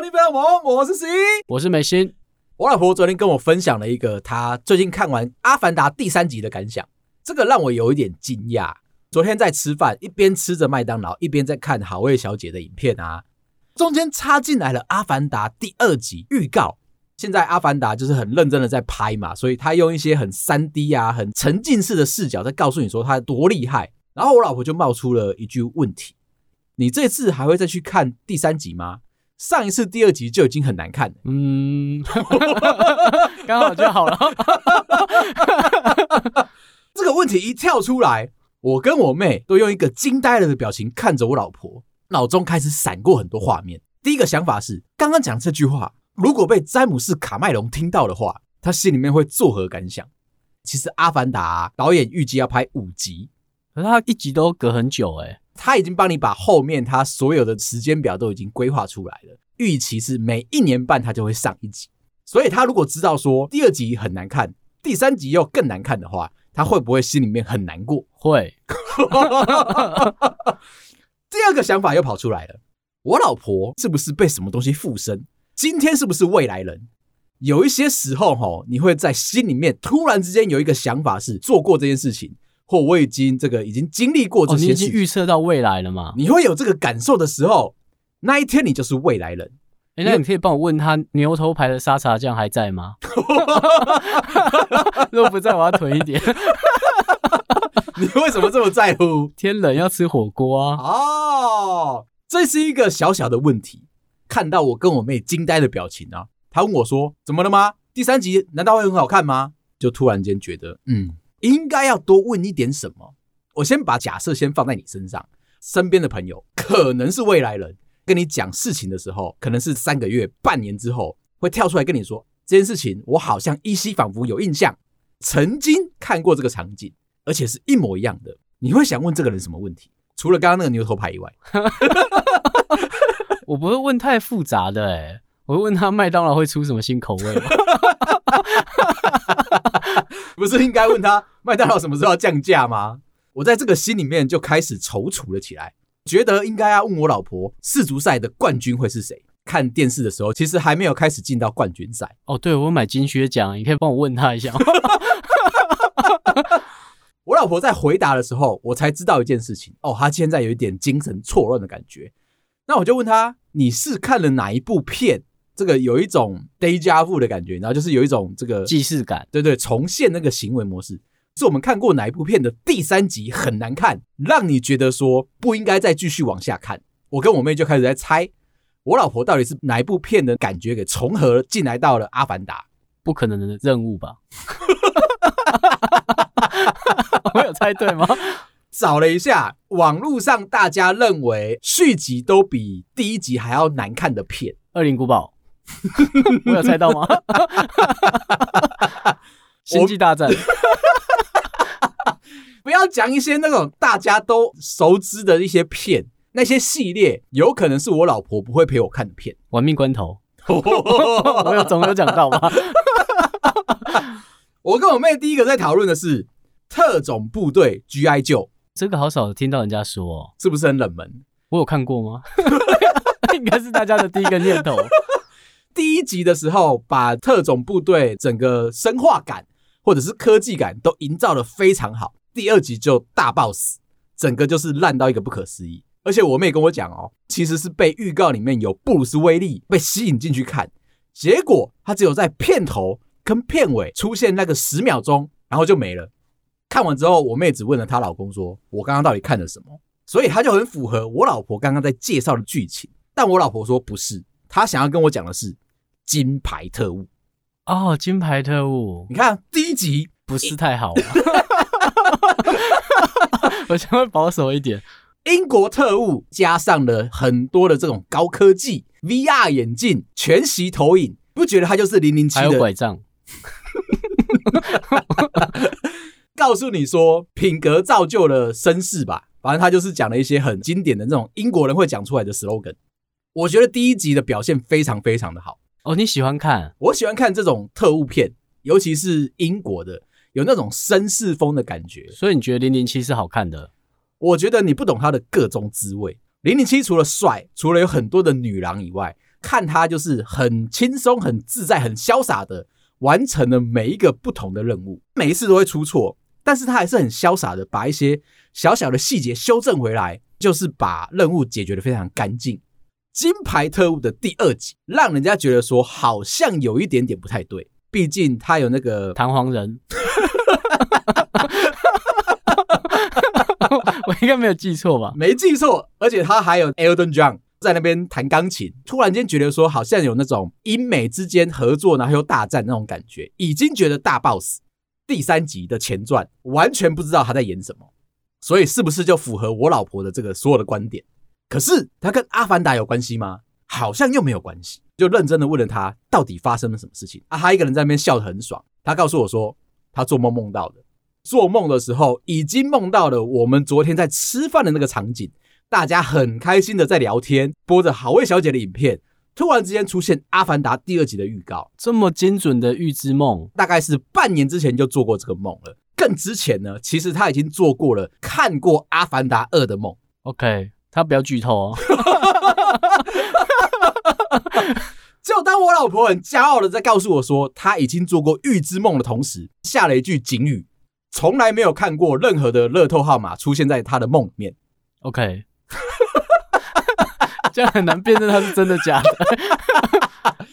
你好，我是 C，我是美心。我老婆昨天跟我分享了一個她最近看完《阿凡達》第三集的感想，這個讓我有一點驚訝。昨天在吃飯，一邊吃着麥當勞，一邊在看好味小姐的影片啊，中間插進來了《阿凡達》第二集預告。現在《阿凡達》就是很認真的在拍嘛，所以他用一些很三 D 啊、很沉浸式的視角在告訴你說他多厲害。然後我老婆就冒出了一句問題：“你這次還會再去看第三集嗎？”上一次第二集就已經很難看了，嗯，剛 好就好了。 這個問題一跳出來，我跟我妹都用一個驚呆了的表情看着我老婆，腦中開始閃過很多畫面。第一個想法是，剛剛講這句話，如果被詹姆士·卡麥隆聽到的話，他心裡面會作何感想？其實阿凡達啊，導演預計要拍五集，可是他一集都隔很久欸。他已經幫你把後面他所有的時間表都已經規劃出來了，預期是每一年半他就會上一集，所以他如果知道說第二集很難看，第三集又更難看的話，他會不會心裡面很難過？會， 第二個想法又跑出來了，我老婆是不是被什麼東西附身？今天是不是未來人？有一些時候哈、哦，你會在心裡面突然之間有一個想法是做過這件事情。或我已經這個已經經歷過這些、哦，你已經預測到未來了嘛？你會有這個感受的時候，那一天你就是未來人。哎，那你可以幫我問他牛頭牌的沙茶醬還在嗎？如果 不在，我要囤一點。 你為什麼這麼在乎？天冷要吃火鍋啊！哦，這是一個小小的問題。看到我跟我妹驚呆的表情啊，他問我說：“怎麼了嗎？”第三集難道會很好看嗎？就突然間覺得，嗯。應該要多問一點什麼？我先把假設先放在你身上，身邊的朋友可能是未來人，跟你講事情的時候，可能是三個月、半年之後會跳出來跟你說這件事情，我好像依稀仿佛有印象，曾經看過這個場景，而且是一模一樣的。你會想問這個人什麼問題？除了剛剛那個牛頭牌以外， 我不會問太複雜的哎、欸。我問他麥當勞會出什麼新口味嗎？ 不是應該問他麥當勞什麼時候要降價嗎？我在這個心裡面就開始躊躇了起來，覺得應該要問我老婆世足賽的冠軍會是誰？看電視的時候，其實還沒有開始進到冠軍賽哦。對，我買金靴獎，你可以幫我問他一下嗎？ 我老婆在回答的時候，我才知道一件事情哦，她現在有一點精神錯亂的感覺。那我就問她，你是看了哪一部片？這個有一種 déjà vu 的感覺，然後就是有一種這個既視感，對對，重現那個行為模式，是我們看過哪一部片的第三集很難看，讓你覺得說不應該再繼續往下看。我跟我妹就開始在猜，我老婆到底是哪一部片的感覺給重合進來到了《阿凡達》？不可能的任務吧？ 我沒有猜對嗎？找了一下網路上大家認為續集都比第一集還要難看的片，《惡靈古堡》。 我有猜到嗎？ 我 星際大戰。我 不要講一些那種大家都熟知的一些片，那些系列，有可能是我老婆不會陪我看的片。玩命關頭， 我有總有講到嗎？ 我跟我妹第一個在討論的是特種部隊 G.I. 救》，這個好少聽到人家說，哦，是不是很冷門？我有看過嗎？ 應該是大家的第一個念頭。第一集的時候，把特種部隊整個生化感或者是科技感都營造的非常好。第二集就大爆死，整個就是爛到一個不可思議。而且我妹跟我講哦，其實是被預告裡面有布魯斯威利被吸引進去看，結果他只有在片頭跟片尾出現那個十秒鐘，然後就沒了。看完之後，我妹只問了她老公說：“我剛剛到底看了什麼？”所以她就很符合我老婆剛剛在介紹的劇情，但我老婆說不是。他想要跟我講的是金牌特務哦，金牌特務。你看第一集不是太好， 我稍微保守一點。英國特務加上了很多的這種高科技，VR 眼鏡、全息投影，不覺得他就是零零七的？還有拐杖， 告訴你說品格造就了紳士吧。反正他就是講了一些很經典的這種英國人會講出來的 slogan。我覺得第一集的表現非常非常的好。哦，你喜歡看？我喜歡看這種特務片，尤其是英國的，有那種紳士風的感覺。所以你覺得《零零七》是好看的？我覺得你不懂他的個中滋味。《零零七》除了帥，除了有很多的女郎以外，看他就是很輕鬆、很自在、很瀟灑的完成了每一個不同的任務。每一次都會出錯，但是他還是很瀟灑的把一些小小的細節修正回來，就是把任務解決得非常乾淨。金牌特務的第二集，讓人家覺得說好像有一點點不太對，畢竟他有那個彈簧人， 我應該沒有記錯吧？沒記錯吧？沒記錯，而且他還有 Elton John 在那邊彈鋼琴，突然間覺得說好像有那種英美之間合作，然後又大戰那種感覺，已經覺得大 boss 第三集的前傳，完全不知道他在演什麼，所以是不是就符合我老婆的這個所有的觀點？可是他跟阿凡達有關係嗎？好像又沒有關係。就認真的問了他，到底發生了什麼事情？啊，他一個人在那邊笑得很爽。他告訴我說，他做夢夢到的，做夢的時候已經夢到了我們昨天在吃飯的那個場景，大家很開心的在聊天，播着好味小姐的影片，突然之間出現阿凡達第二集的預告，這麼精準的預知夢，大概是半年之前就做過這個夢了。更之前呢，其實他已經做過了，看過阿凡達二的夢。OK。他不要劇透哦。就 當我老婆很驕傲的在告訴我說，他已經做過預知夢的同時，下了一句警語：從來沒有看過任何的樂透號碼出現在他的夢裡面。OK， 這樣很難辨認他是真的假的。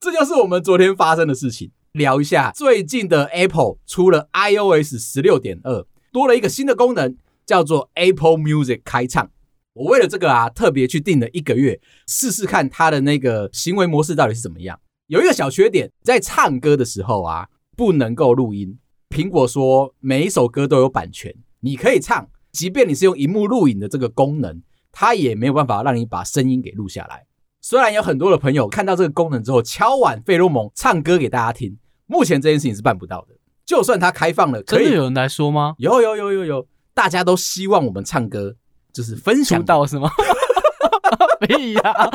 這就是我們昨天發生的事情。聊一下最近的 Apple 出了 iOS 十六點二，多了一個新的功能，叫做 Apple Music 開唱。我為了這個啊，特別去定了一個月，試試看它的那個行為模式到底是怎麼樣。有一個小缺點，在唱歌的時候啊，不能夠錄音。蘋果說，每一首歌都有版權，你可以唱，即便你是用熒幕錄影的這個功能，它也沒有辦法讓你把聲音給錄下來。雖然有很多的朋友看到這個功能之後，敲碗費洛蒙唱歌給大家聽，目前這件事情是辦不到的。就算它開放了，可以，真的有人來說嗎？有有有有有，大家都希望我們唱歌。就是分享到是嗎？哎呀 屁、啊，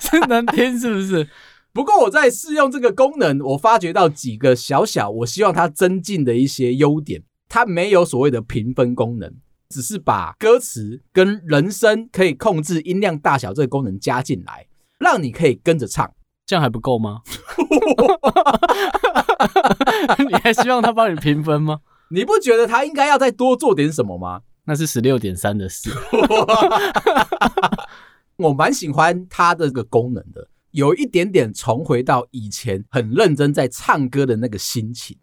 真 難聽是不是？不過我在試用這個功能，我發覺到幾個小小我希望它增進的一些優點。它沒有所謂的評分功能，只是把歌詞跟人聲可以控制音量大小這個功能加進來，讓你可以跟着唱，這樣還不夠嗎？ 你還希望他幫你評分嗎？ 你不覺得他應該要再多做點什麼嗎？那是十六點三的事， 我蠻喜歡它這個功能的，有一點點重回到以前很認真在唱歌的那個心情，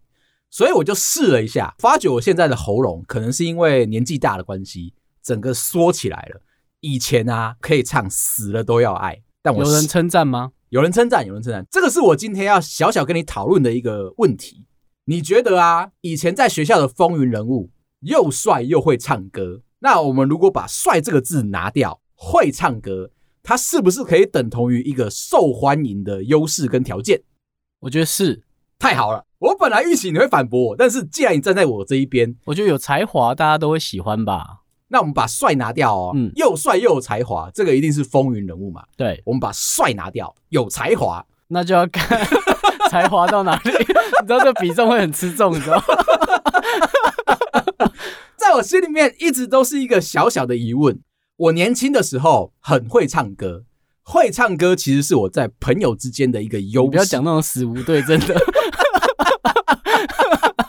所以我就試了一下，發覺我現在的喉嚨可能是因為年紀大的關係，整個縮起來了。以前啊，可以唱死了都要愛，但我，有人稱讚嗎？有人稱讚，有人稱讚，這個是我今天要小小跟你討論的一個問題。你覺得啊，以前在學校的風雲人物，又帥又會唱歌，那我們如果把“帥”這個字拿掉，會唱歌，它是不是可以等同於一個受歡迎的優勢跟條件？我覺得是，太好了。我本來預期你會反駁我，但是既然你站在我這一邊，我覺得有才華，大家都會喜歡吧。那我們把“帥”拿掉哦，嗯，又帥又有才華，這個一定是風雲人物嘛。對，我們把“帥”拿掉，有才華，那就要看 才華到哪裡， 你知道這比重會很吃重的，你知道。我心裡面一直都是一個小小的疑問。我年輕的時候很會唱歌，會唱歌其實是我在朋友之間的一個優勢。不要講那種死無對證的。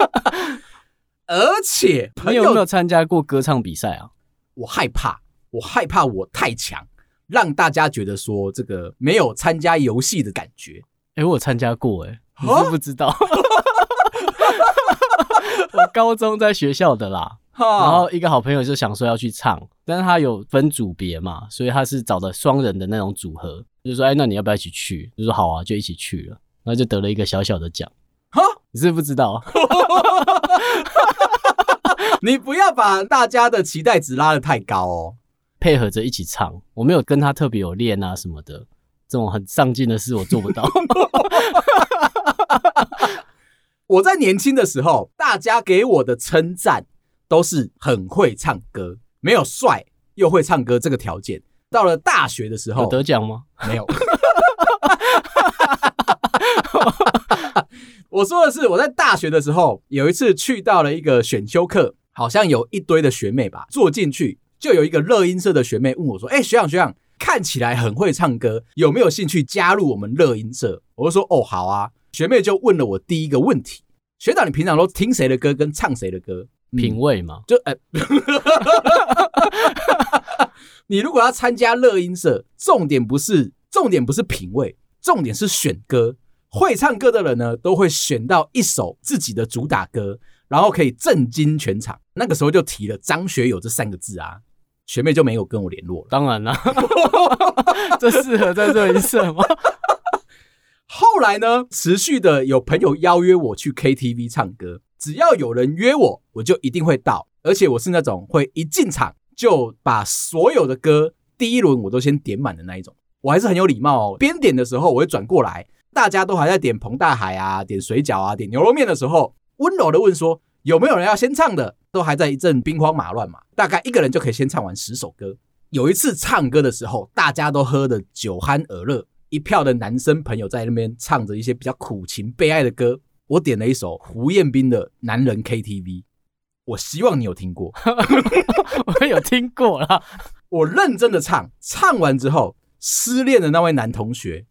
而且朋友你有沒有參加過歌唱比賽啊？我害怕，我害怕我太強，讓大家覺得說這個沒有參加遊戲的感覺。哎、欸，我有參加過，哎、啊，你都不知道， 我高中在學校的啦。然後一個好朋友就想說要去唱，但是他有分組別嘛，所以他是找的雙人的那種組合，就說哎，那你要不要一起去？就說好啊，就一起去了，然後就得了一個小小的獎。哈你是不，是不知道， 你不要把大家的期待值拉得太高哦。配合着一起唱，我沒有跟他特別有練啊什麼的，這種很上進的事我做不到。 我在年輕的時候，大家給我的稱讚。都是很會唱歌，沒有帥又會唱歌這個條件。到了大學的時候，有得獎嗎？沒有。 我說的是，我在大學的時候有一次去到了一個選修課，好像有一堆的學妹吧，坐進去就有一個熱音社的學妹問我說：“哎、欸，學長學長，看起來很會唱歌，有沒有興趣加入我們熱音社？”我就說：“哦，好啊。”學妹就問了我第一個問題：“學長，你平常都聽誰的、的歌，跟唱誰的歌？”品味嘛，嗯，就哈、欸、 你如果要參加熱音社，重點不是重點不是品味，重點是選歌。會唱歌的人呢，都會選到一首自己的主打歌，然後可以震驚全場。那個時候就提了張學友這三個字啊，學妹就沒有跟我聯絡。當然啦，這適合在熱音社嗎？ 後來呢，持續的有朋友邀約我去 KTV 唱歌。只要有人約我，我就一定會到。而且我是那種會一進場就把所有的歌第一輪我都先點滿的那一種。我還是很有禮貌哦。邊點的時候，我會轉過來，大家都還在點澎大海啊、點水餃啊、點牛肉麵的時候，溫柔地問說有沒有人要先唱的？都還在一陣兵荒馬亂嘛，大概一個人就可以先唱完十首歌。有一次唱歌的時候，大家都喝得酒酣耳熱，一票的男生朋友在那邊唱着一些比較苦情、悲哀的歌。我點了一首胡彥斌的《男人 KTV》，我希望你有聽過，我有聽過啦。我認真的唱，唱完之後，失戀的那位男同學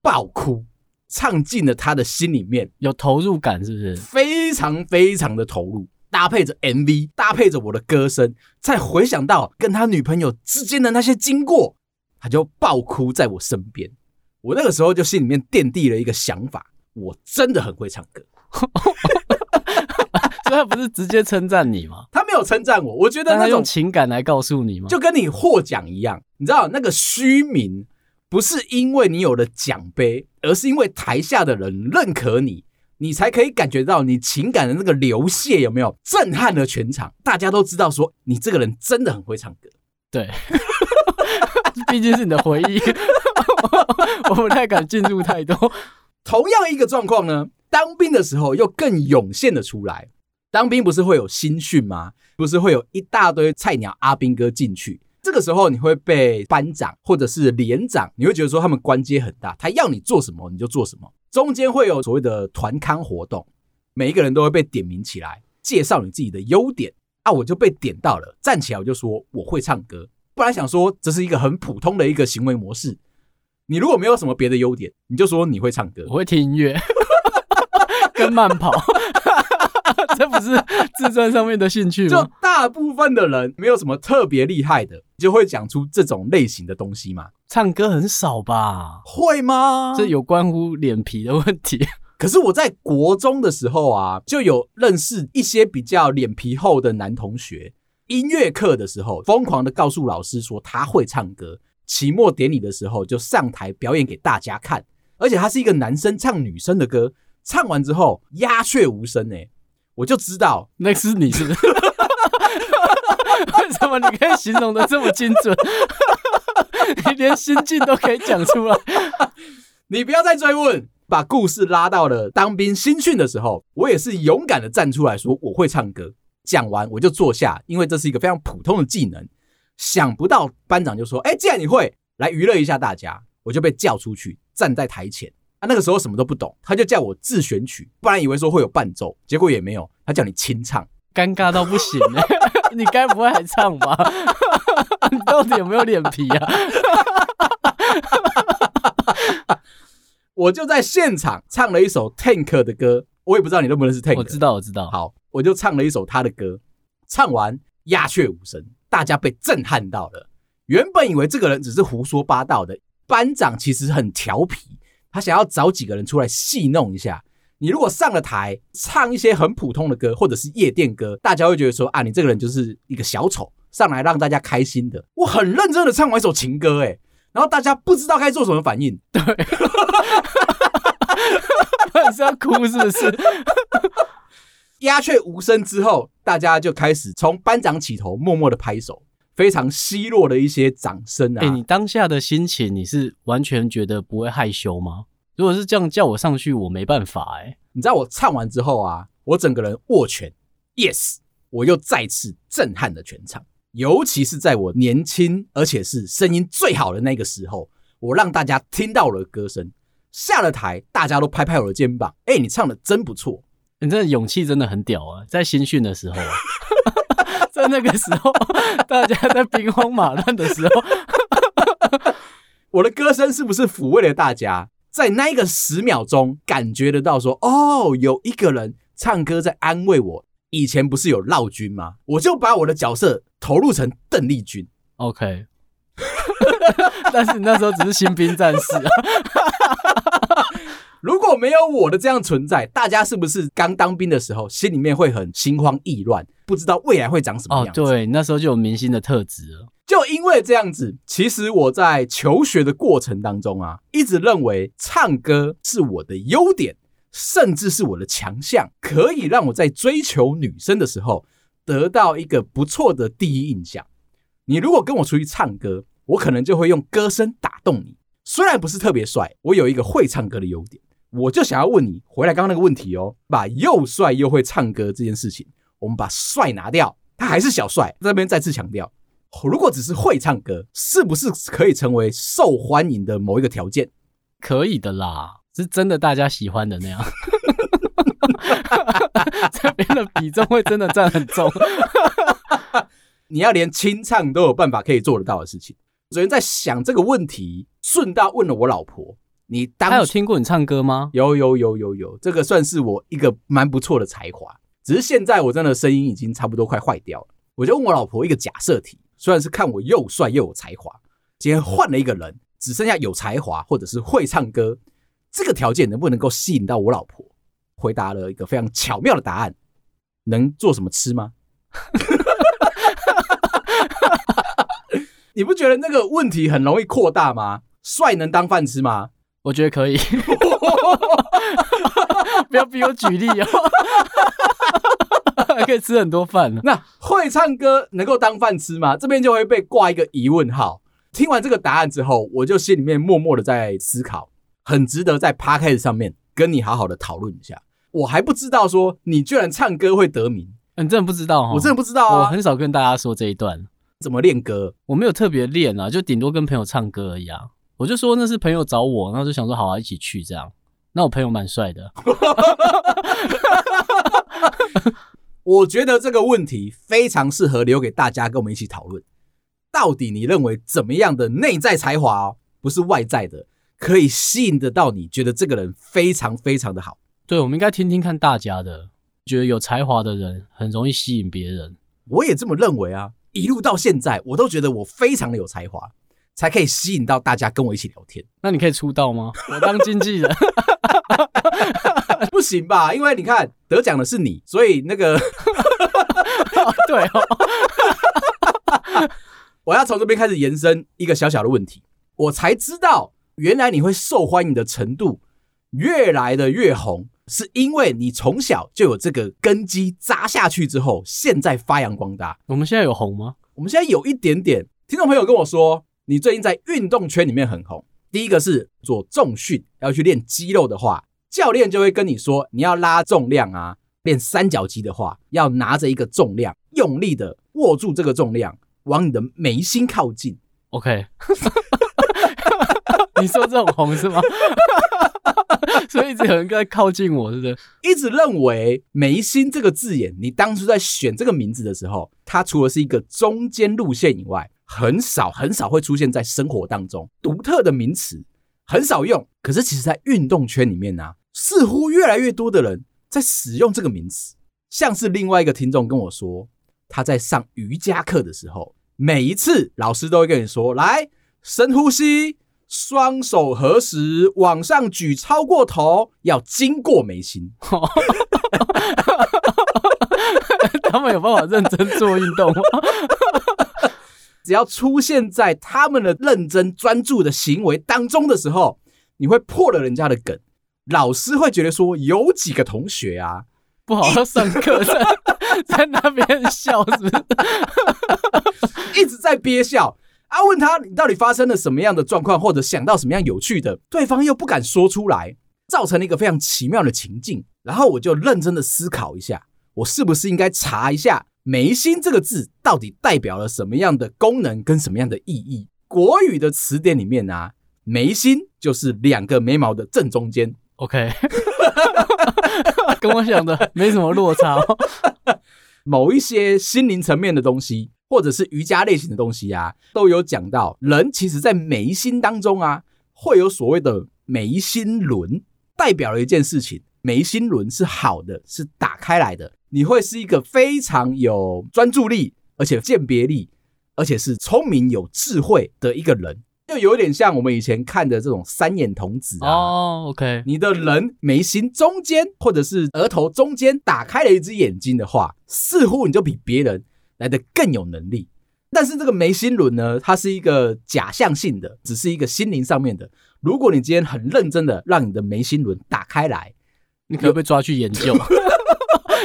爆哭，唱進了他的心裡面，有投入感是不是？非常非常的投入，搭配着 MV，搭配着我的歌聲，再回想到跟他女朋友之間的那些經過，他就爆哭在我身邊。我那個時候就心裡面奠定了一個想法。我真的很會唱歌， 所以他不是直接稱讚你嗎？ 他沒有稱讚我，我覺得那種。但他用情感來告訴你嗎？就跟你獲獎一樣，你知道那個虛名不是因為你有了獎杯，而是因為台下的人認可你，你才可以感覺到你情感的那個流瀉有沒有震撼了全場？大家都知道說你這個人真的很會唱歌，對， 畢竟是你的回憶， 我不太敢進入太多。同樣一個狀況呢，當兵的時候又更湧現的出來。當兵不是會有新訓嗎？不是會有一大堆菜鳥阿兵哥進去？這個時候你會被班長或者是連長，你會覺得說他們官階很大，他要你做什麼你就做什麼。中間會有所謂的團康活動，每一個人都會被點名起來介紹你自己的優點啊，我就被點到了，站起來我就說我會唱歌。不然想說這是一個很普通的一個行為模式。你如果沒有什麼別的優點，你就說你會唱歌。我會聽音樂， 跟慢跑， 這不是自傳上面的興趣嗎？就大部分的人沒有什麼特別厲害的，就會講出這種類型的東西嘛。唱歌很少吧？會嗎？這有關乎臉皮的問題。可是我在國中的時候啊，就有認識一些比較臉皮厚的男同學，音樂課的時候瘋狂的告訴老師說他會唱歌。期末典禮的時候，就上台表演給大家看，而且他是一個男生唱女生的歌，唱完之後鴉雀無聲呢、欸。我就知道那是你，是不是？為什麼你可以形容得這麼精準？你連心境都可以講出來，你不要再追問。把故事拉到了當兵新訓的時候，我也是勇敢的站出來說我會唱歌，講完我就坐下，因為這是一個非常普通的技能。想不到班長就說：“哎、欸，既然你會來娛樂一下大家，我就被叫出去站在台前。”啊，那個時候什麼都不懂，他就叫我自選曲，不然以為說會有伴奏，結果也沒有。他叫你清唱，尷尬到不行、欸。 你該不會還唱吧？ 你到底有沒有臉皮啊？ 我就在現場唱了一首 Tank 的歌，我也不知道你認不認識 Tank。我知道，我知道。好，我就唱了一首他的歌，唱完鴉雀無聲。大家被震撼到了，原本以為這個人只是胡說八道的班長，其實很調皮，他想要找幾個人出來戲弄一下。你如果上了台唱一些很普通的歌，或者是夜店歌，大家會覺得說啊，你這個人就是一個小丑，上來讓大家開心的。我很認真的唱完一首情歌，哎，然後大家不知道該做什麼反應，對，是要 哭是不是？ 鴉雀無聲之後，大家就開始從班長起頭，默默地拍手，非常奚落的一些掌聲啊！誒、欸，你當下的心情，你是完全覺得不會害羞嗎？如果是這樣叫我上去，我沒辦法誒、欸。你知道我唱完之後啊，我整個人握拳，yes，我又再次震撼了全場，尤其是在我年輕而且是聲音最好的那個時候，我讓大家聽到了歌聲。下了台，大家都拍拍我的肩膀，誒、欸，你唱得真不錯。你這、欸、勇氣真的很屌啊！在新訓的時候、啊， 在那個時候，大家在兵荒馬亂的時候， 我的歌聲是不是撫慰了大家？在那一個十秒鐘，感覺得到說，哦，有一個人唱歌在安慰我。以前不是有勞軍嗎？我就把我的角色投入成鄧麗君。OK， 但是你那時候只是新兵戰士。 如果沒有我的這樣存在，大家是不是剛當兵的時候心裡面會很心慌意亂，不知道未來會長什麼樣子？哦，對，那時候就有明星的特質了。就因為這樣子，其實我在求學的過程當中啊，一直認為唱歌是我的優點，甚至是我的強項，可以讓我在追求女生的時候得到一個不錯的第一印象。你如果跟我出去唱歌，我可能就會用歌聲打動你。雖然不是特別帥，我有一個會唱歌的優點。我就想要問你，回來剛剛那個問題哦，把又帥又會唱歌這件事情，我們把帥拿掉，他還是小帥。這邊再次強調，如果只是會唱歌，是不是可以成為受歡迎的某一個條件？可以的啦，是真的大家喜歡的那樣。 這邊的比重會真的占很重。 你要連清唱都有辦法可以做得到的事情，首先在想這個問題，順道問了我老婆。你當有聽過你唱歌嗎？有有有有有，這個算是我一個蠻不錯的才華。只是現在我真的聲音已經差不多快壞掉了。我就問我老婆一個假設題，雖然是看我又帥又有才華，今天換了一個人，只剩下有才華或者是會唱歌，這個條件能不能夠吸引到我老婆？回答了一個非常巧妙的答案：能做什麼吃嗎？哈哈哈哈哈哈哈哈哈哈哈哈哈哈，你不覺得那個問題很容易擴大嗎？帥能當飯吃嗎？我覺得可以， 不要逼我舉例哦、喔。 可以吃很多飯、啊、那會唱歌能夠當飯吃嗎？這邊就會被掛一個疑問號。聽完這個答案之後，我就心裡面默默的在思考，很值得在 podcast 上面跟你好好的討論一下。我還不知道說你居然唱歌會得名，你真的不知道、啊，我真的不知道。我很少跟大家說這一段怎麼練歌，我沒有特別練啊，就頂多跟朋友唱歌而已啊。我就說那是朋友找我，然後就想說好啊，一起去這樣。那我朋友蠻帥的。 我覺得這個問題非常適合留給大家跟我們一起討論。到底你認為怎麼樣的內在才華哦，不是外在的，可以吸引得到？你覺得這個人非常非常的好？對，我們應該聽聽看大家的，覺得有才華的人很容易吸引別人。我也這麼認為啊，一路到現在我都覺得我非常的有才華。才可以吸引到大家跟我一起聊天。那你可以出道嗎？ 我當經紀人 不行吧？因為你看，得獎的是你，所以那個，對哦，我要從這邊開始延伸一個小小的問題。我才知道，原來你會受歡迎的程度越來的越紅，是因為你從小就有這個根基扎下去之後，現在發揚光大。我們現在有紅嗎？我們現在有一點點。聽眾朋友跟我說。你最近在運動圈裡面很紅。第一個是做重訓，要去練肌肉的話，教練就會跟你說，你要拉重量啊。練三角肌的話，要拿着一個重量，用力的握住這個重量，往你的眉心靠近。OK，你說這種紅是嗎？所以一直有人在靠近我，是不是？一直認為眉心這個字眼，你當初在選這個名字的時候，它除了是一個中間路線以外。很少很少會出現在生活當中，獨特的名詞很少用。可是，其實，在運動圈裡面呢、啊，似乎越來越多的人在使用這個名詞。像是另外一個聽眾跟我說，他在上瑜伽課的時候，每一次老師都會跟你說：“來，深呼吸，雙手合十，往上舉超過頭，要經過眉心。” 他們有辦法認真做運動嗎？ 只要出現在他們的認真專注的行為當中的時候，你會破了人家的梗。老師會覺得說，有幾個同學啊，不好好上課在 在，在那邊笑，是不是？ 一直在憋笑。啊，問他你到底發生了什麼樣的狀況，或者想到什麼樣有趣的，對方又不敢說出來，造成了一個非常奇妙的情境。然後我就認真的思考一下，我是不是應該查一下？眉心這個字到底代表了什麼樣的功能跟什麼樣的意義？國語的詞典裡面啊，眉心就是兩個眉毛的正中間。OK， 跟我想的沒什麼落差。 某一些心靈層面的東西，或者是瑜伽類型的東西啊，都有講到，人其實在眉心當中啊，會有所謂的眉心輪，代表了一件事情，眉心輪是好的，是打開來的。你會是一個非常有專注力，而且有鑑別力，而且是聰明有智慧的一個人，就有點像我們以前看的這種三眼童子哦、啊、，OK，你的人眉心中間或者是額頭中間打開了一只眼睛的話，似乎你就比別人來得更有能力。但是這個眉心輪呢，它是一個假象性的，只是一個心靈上面的。如果你今天很認真的讓你的眉心輪打開來，你可能會被抓去研究。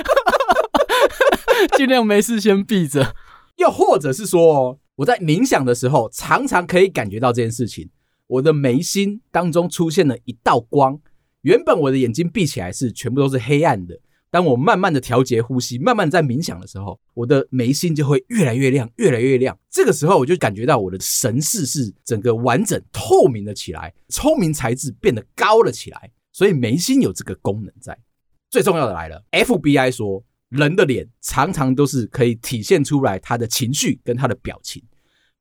哈，哈哈，盡量沒事先閉着，又或者是說，我在冥想的時候，常常可以感覺到這件事情，我的眉心當中出現了一道光。原本我的眼睛閉起來是全部都是黑暗的，當我慢慢的調節呼吸，慢慢在冥想的時候，我的眉心就會越來越亮，越來越亮。這個時候我就感覺到我的神識是整個完整透明了起來，聰明才智變得高了起來。所以眉心有這個功能在。最重要的來了，FBI 說，人的臉常常都是可以體現出來他的情緒跟他的表情，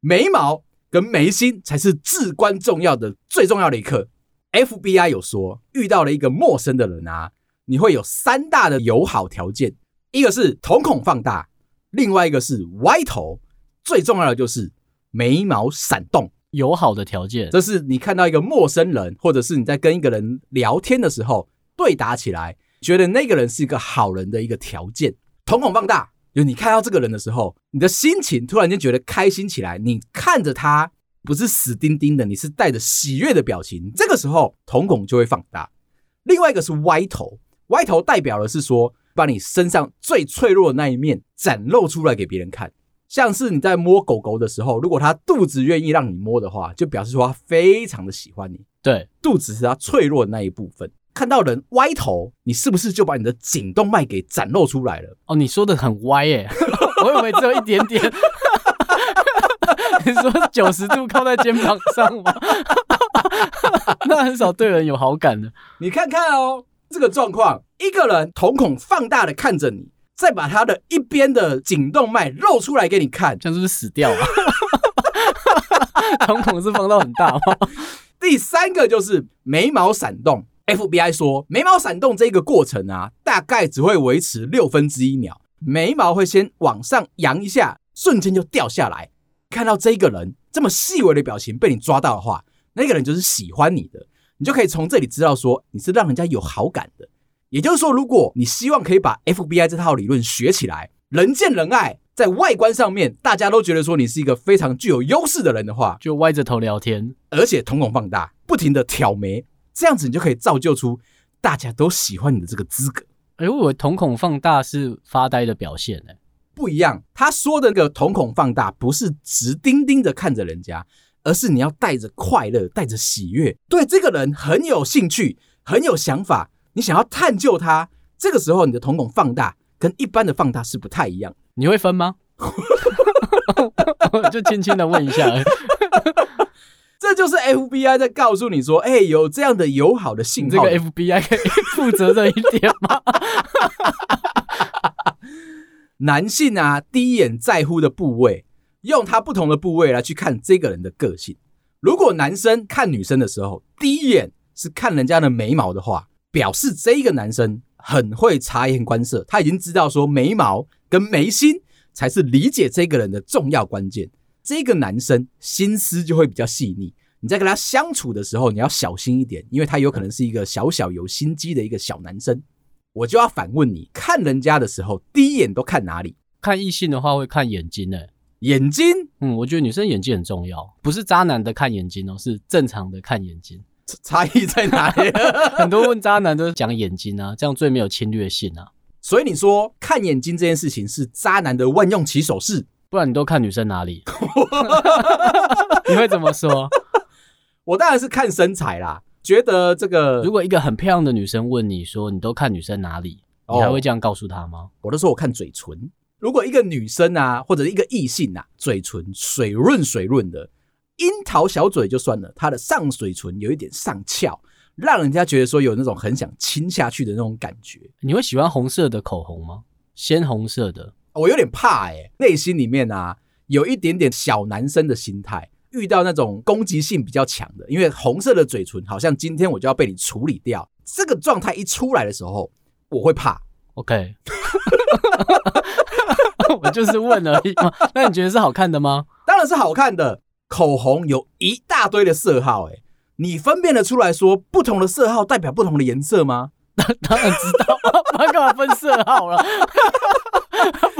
眉毛跟眉心才是至關重要的最重要的一刻。FBI 有說，遇到了一個陌生的人啊，你會有三大的友好條件，一個是瞳孔放大，另外一個是歪頭，最重要的就是眉毛閃動，友好的條件。這是你看到一個陌生人，或者是你在跟一個人聊天的時候，對答起來。覺得那個人是一個好人的一個條件，瞳孔放大，就是你看到這個人的時候，你的心情突然間覺得開心起來，你看着他不是死盯盯的，你是帶着喜悅的表情，這個時候瞳孔就會放大。另外一個是歪頭，歪頭代表的是說，把你身上最脆弱的那一面展露出來給別人看，像是你在摸狗狗的時候，如果它肚子願意讓你摸的話，就表示說它非常的喜歡你。對，肚子是它脆弱的那一部分。看到人歪頭，你是不是就把你的頸動脈給展露出來了？哦，你說的很歪耶， 我以為只有一點點。 你說九十度靠在肩膀上嗎？ 那很少對人有好感的。你看看哦，這個狀況，一個人瞳孔放大的看着你，再把他的一邊的頸動脈露出來給你看，這樣是不是死掉了？ 瞳孔是放到很大嗎？第三個就是眉毛閃動。FBI 說，眉毛閃動這個過程啊，大概只會維持六分之一秒。眉毛會先往上揚一下，瞬間就掉下來。看到這個人這麼細微的表情被你抓到的話，那個人就是喜歡你的，你就可以從這裡知道說你是讓人家有好感的。也就是說，如果你希望可以把 FBI 這套理論學起來，人見人愛，在外觀上面大家都覺得說你是一個非常具有優勢的人的話，就歪着頭聊天，而且瞳孔放大，不停地挑眉。這樣子你就可以造就出大家都喜歡你的這個資格。哎、欸，我以為瞳孔放大是發呆的表現呢、欸？不一樣，他說的那個瞳孔放大不是直盯盯的看着人家，而是你要帶着快樂、帶着喜悅，對這個人很有興趣、很有想法，你想要探究他。這個時候你的瞳孔放大跟一般的放大是不太一樣。你會分嗎？我 就輕輕的問一下。 這就是 FBI 在告訴你說：“哎、欸，有這樣的友好的性格。”這個 FBI 可以負責任一點嗎？ 男性啊，第一眼在乎的部位，用他不同的部位來去看這個人的個性。如果男生看女生的時候，第一眼是看人家的眉毛的話，表示這個男生很會察言觀色，他已經知道說眉毛跟眉心才是理解這個人的重要關鍵。這個男生心思就會比較細膩，你在跟他相處的時候，你要小心一點，因為他有可能是一個小小有心機的一個小男生。我就要反問你，看人家的時候，第一眼都看哪裡？看異性的話，會看眼睛呢、欸？眼睛？嗯，我覺得女生眼睛很重要，不是渣男的看眼睛哦，是正常的看眼睛。差，差異在哪裡？ 很多問渣男都是講眼睛啊，這樣最沒有侵略性啊。所以你說看眼睛這件事情是渣男的萬用起手式。不然你都看女生哪裡？ 你會怎麼說？我當然是看身材啦。覺得這個，如果一個很漂亮的女生問你說你都看女生哪裡，oh, 你還會這樣告訴她嗎？我都說我看嘴唇。如果一個女生啊，或者一個異性啊，嘴唇水潤水潤的，櫻桃小嘴就算了，她的上嘴唇有一點上翹，讓人家覺得說有那種很想親下去的那種感覺。你會喜歡紅色的口紅嗎？鮮紅色的。我有點怕哎、欸，內心裡面啊有一點點小男生的心態，遇到那種攻擊性比較強的，因為紅色的嘴唇好像今天我就要被你處理掉。這個狀態一出來的時候，我會怕。OK， 我就是問而已。那你覺得是好看的嗎？當然是好看的。口紅有一大堆的色號、欸，哎，你分辨得出來說，說不同的色號代表不同的顏色嗎？當 當然知道，我要幹嘛分色號啦。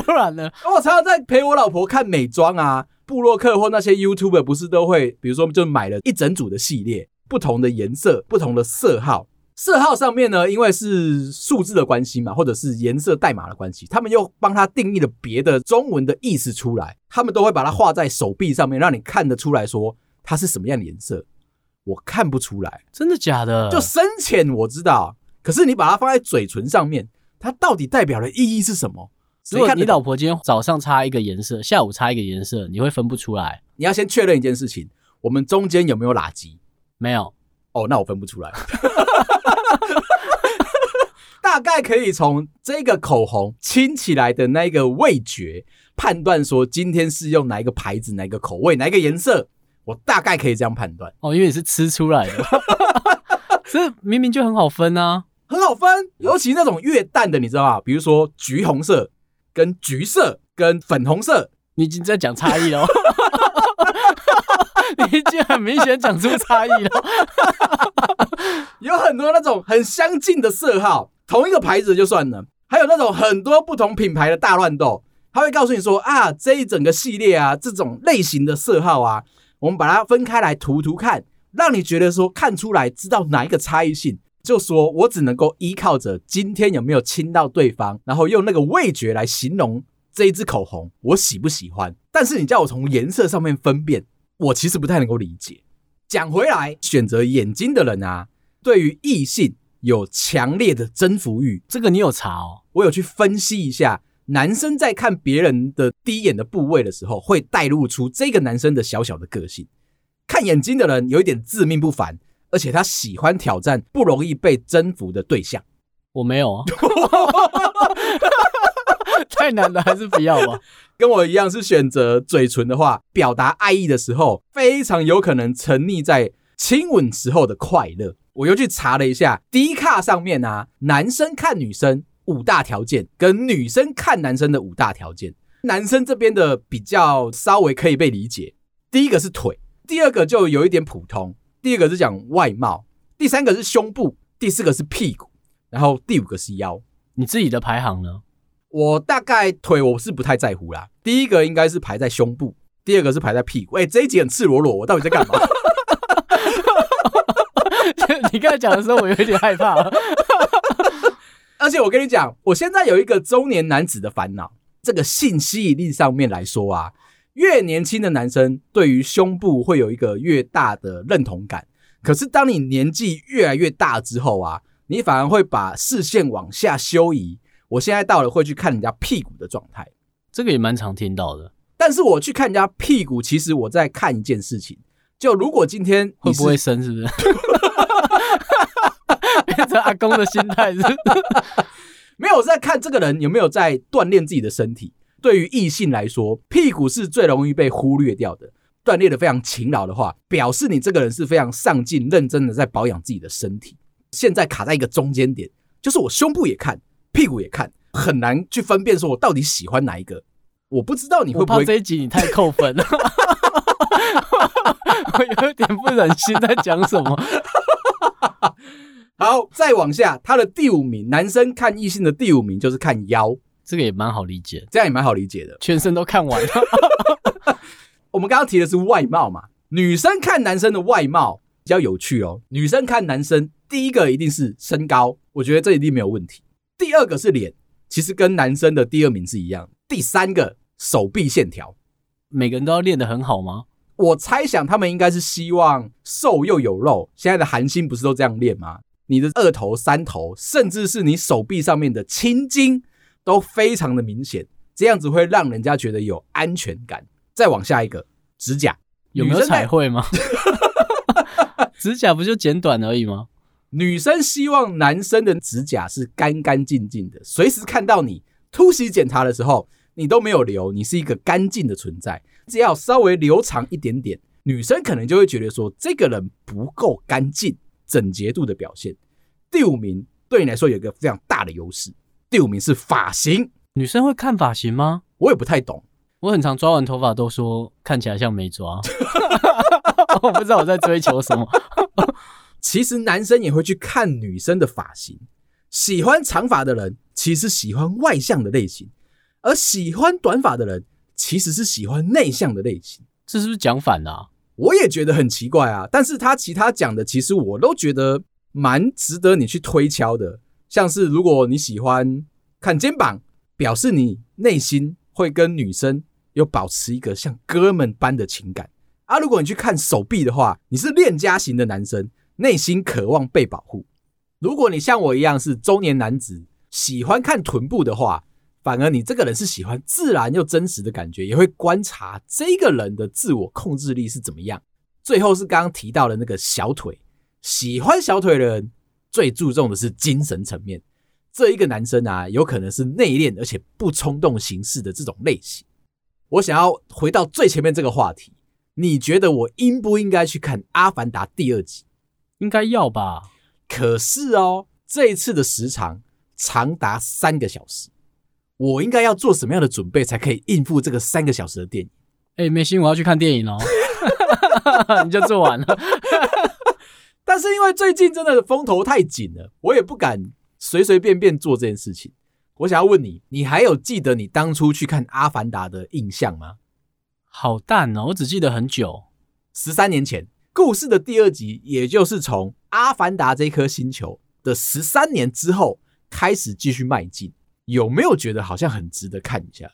突然呢，我常常在陪我老婆看美妝啊，部落客或那些 YouTuber 不是都會，比如說就買了一整組的系列，不同的顏色，不同的色號。色號上面呢，因為是數字的關係嘛，或者是顏色代碼的關係，他們又幫他定義了別的中文的意思出來。他們都會把它畫在手臂上面，讓你看得出來說它是什麼樣的顏色。我看不出來，真的假的？就深淺我知道，可是你把它放在嘴唇上面，它到底代表的意義是什麼？看所以看你老婆今天早上擦一個顏色，下午擦一個顏色，你會分不出來。你要先確認一件事情，我們中間有沒有垃圾？沒有。哦，那我分不出來。 大概可以從這個口紅親起來的那個味覺判斷說今天是用哪一個牌子、哪一個口味、哪一個顏色。我大概可以這樣判斷。哦，因為你是吃出來的，所 以明明就很好分啊，很好分。尤其那種越淡的，你知道吧？比如說橘紅色。跟橘色、跟粉紅色，你已經在講差異了。你已經很明顯講出差異了。有很多那種很相近的色號，同一個牌子就算了，還有那種很多不同品牌的大亂鬥，他會告訴你說啊，這一整個系列啊，這種類型的色號啊，我們把它分開來塗塗看，讓你覺得說看出來知道哪一個差異性。就說，我只能夠依靠着今天有沒有親到對方，然後用那個味覺來形容這一支口紅，我喜不喜歡。但是你叫我從顏色上面分辨，我其實不太能夠理解。講回來，選擇眼睛的人啊，對於異性有強烈的征服欲，這個你有查哦？我有去分析一下，男生在看別人的第一眼的部位的時候，會帶露出這個男生的小小的個性。看眼睛的人有一點自命不凡。而且他喜歡挑戰不容易被征服的對象。我沒有啊， 太難了，還是不要吧。跟我一樣是選擇嘴唇的話，表達愛意的時候，非常有可能沉溺在親吻時候的快樂。我又去查了一下，Dcard 上面啊，男生看女生五大條件，跟女生看男生的五大條件，男生這邊的比較稍微可以被理解。第一個是腿，第二個就有一點普通。第二個是講外貌，第三個是胸部，第四個是屁股，然後第五個是腰。你自己的排行呢？我大概腿我是不太在乎啦。第一個應該是排在胸部，第二個是排在屁股。喂、欸，這一集很赤裸裸，我到底在幹嘛？ 你剛才講的時候，我有點害怕。 而且我跟你講，我現在有一個中年男子的煩惱，這個信息力上面來說啊。越年輕的男生對於胸部會有一個越大的認同感，可是當你年紀越來越大之後啊，你反而會把視線往下修移。我現在到了會去看人家屁股的狀態，這個也蠻常聽到的。但是我去看人家屁股，其實我在看一件事情。就如果今天會不會生，是不是？變成阿公的心態是？沒有，我在看這個人有沒有在鍛鍊自己的身體。對於異性來說，屁股是最容易被忽略掉的，鍛鍊的非常勤勞的話，表示你這個人是非常上進、認真的在保養自己的身體。現在卡在一個中間點，就是我胸部也看，屁股也看，很難去分辨說我到底喜歡哪一個。我不知道你會不會，我怕這一集你太扣分了， 我有點不忍心在講什麼。 好，再往下，他的第五名，男生看異性的第五名就是看腰。這個也蠻好理解，這樣也蠻好理解的。全身都看完了， 我們剛剛提的是外貌嘛。女生看男生的外貌比較有趣哦。女生看男生，第一個一定是身高，我覺得這一定沒有問題。第二個是臉，其實跟男生的第二名是一樣。第三個手臂線條，每個人都要練得很好嗎？我猜想他們應該是希望瘦又有肉。現在的韓星不是都這樣練嗎？你的二頭、三頭，甚至是你手臂上面的青筋，都非常的明顯，這樣子會讓人家覺得有安全感。再往下一個指甲，女生有沒有彩繪嗎？ 指甲不就剪短而已嗎？女生希望男生的指甲是乾乾淨淨的，隨時看到你突襲檢查的時候，你都沒有留，你是一個乾淨的存在。只要稍微留長一點點，女生可能就會覺得說這個人不夠乾淨，整潔度的表現。第五名對你來說有一個非常大的優勢。第五名是髮型，女生會看髮型嗎？我也不太懂，我很常抓完頭髮都說看起來像沒抓， 我不知道我在追求什麼。 其實男生也會去看女生的髮型，喜歡長髮的人其實喜歡外向的類型，而喜歡短髮的人其實是喜歡內向的類型，這是不是講反了啊？我也覺得很奇怪啊。但是他其他講的其實我都覺得蠻值得你去推敲的。像是如果你喜歡看肩膀，表示你內心會跟女生有保持一個像哥們般的情感啊。如果你去看手臂的話，你是戀家型的男生，內心渴望被保護。如果你像我一樣是中年男子，喜歡看臀部的話，反而你這個人是喜歡自然又真實的感覺，也會觀察這個人的自我控制力是怎麼樣。最後是剛剛提到的那個小腿，喜歡小腿的人。最注重的是精神層面，這一個男生啊，有可能是內斂而且不衝動形式的這種類型。我想要回到最前面這個話題，你覺得我應不應該去看《阿凡達》第二集？應該要吧？可是哦，這一次的時長長達三個小時，我應該要做什麼樣的準備才可以應付這個三個小時的電影？哎，美心，我要去看電影哦， 你就做完了。 但是因為最近真的風頭太緊了，我也不敢隨隨便便做這件事情。我想要問你，你還有記得你當初去看《阿凡達》的印象嗎？好淡哦，我只記得很久，十三年前。故事的第二集，也就是從《阿凡達》這顆星球的十三年之後開始繼續邁進。有沒有覺得好像很值得看一下？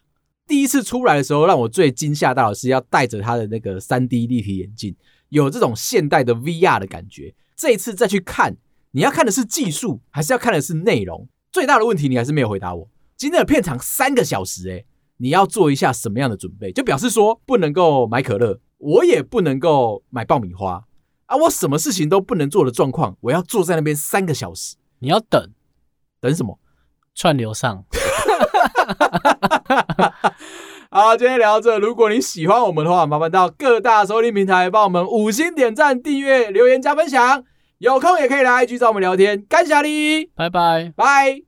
第一次出來的時候，讓我最驚嚇到的是要戴着他的那個三 D 立體眼鏡，有這種現代的 VR 的感覺。這一次再去看，你要看的是技術，還是要看的是內容？最大的問題你還是沒有回答我。今天的片長三個小時，欸，哎，你要做一下什麼樣的準備？就表示說不能夠買可樂，我也不能夠買爆米花啊！我什麼事情都不能做的狀況，我要坐在那邊三個小時。你要等等什麼？串流上。 好，今天聊到這。如果你喜歡我們的話，麻煩到各大收聽平台幫我們五星點讚、訂閱、留言、加分享。有空也可以來 IG 找我們聊天，感謝你，拜拜，拜。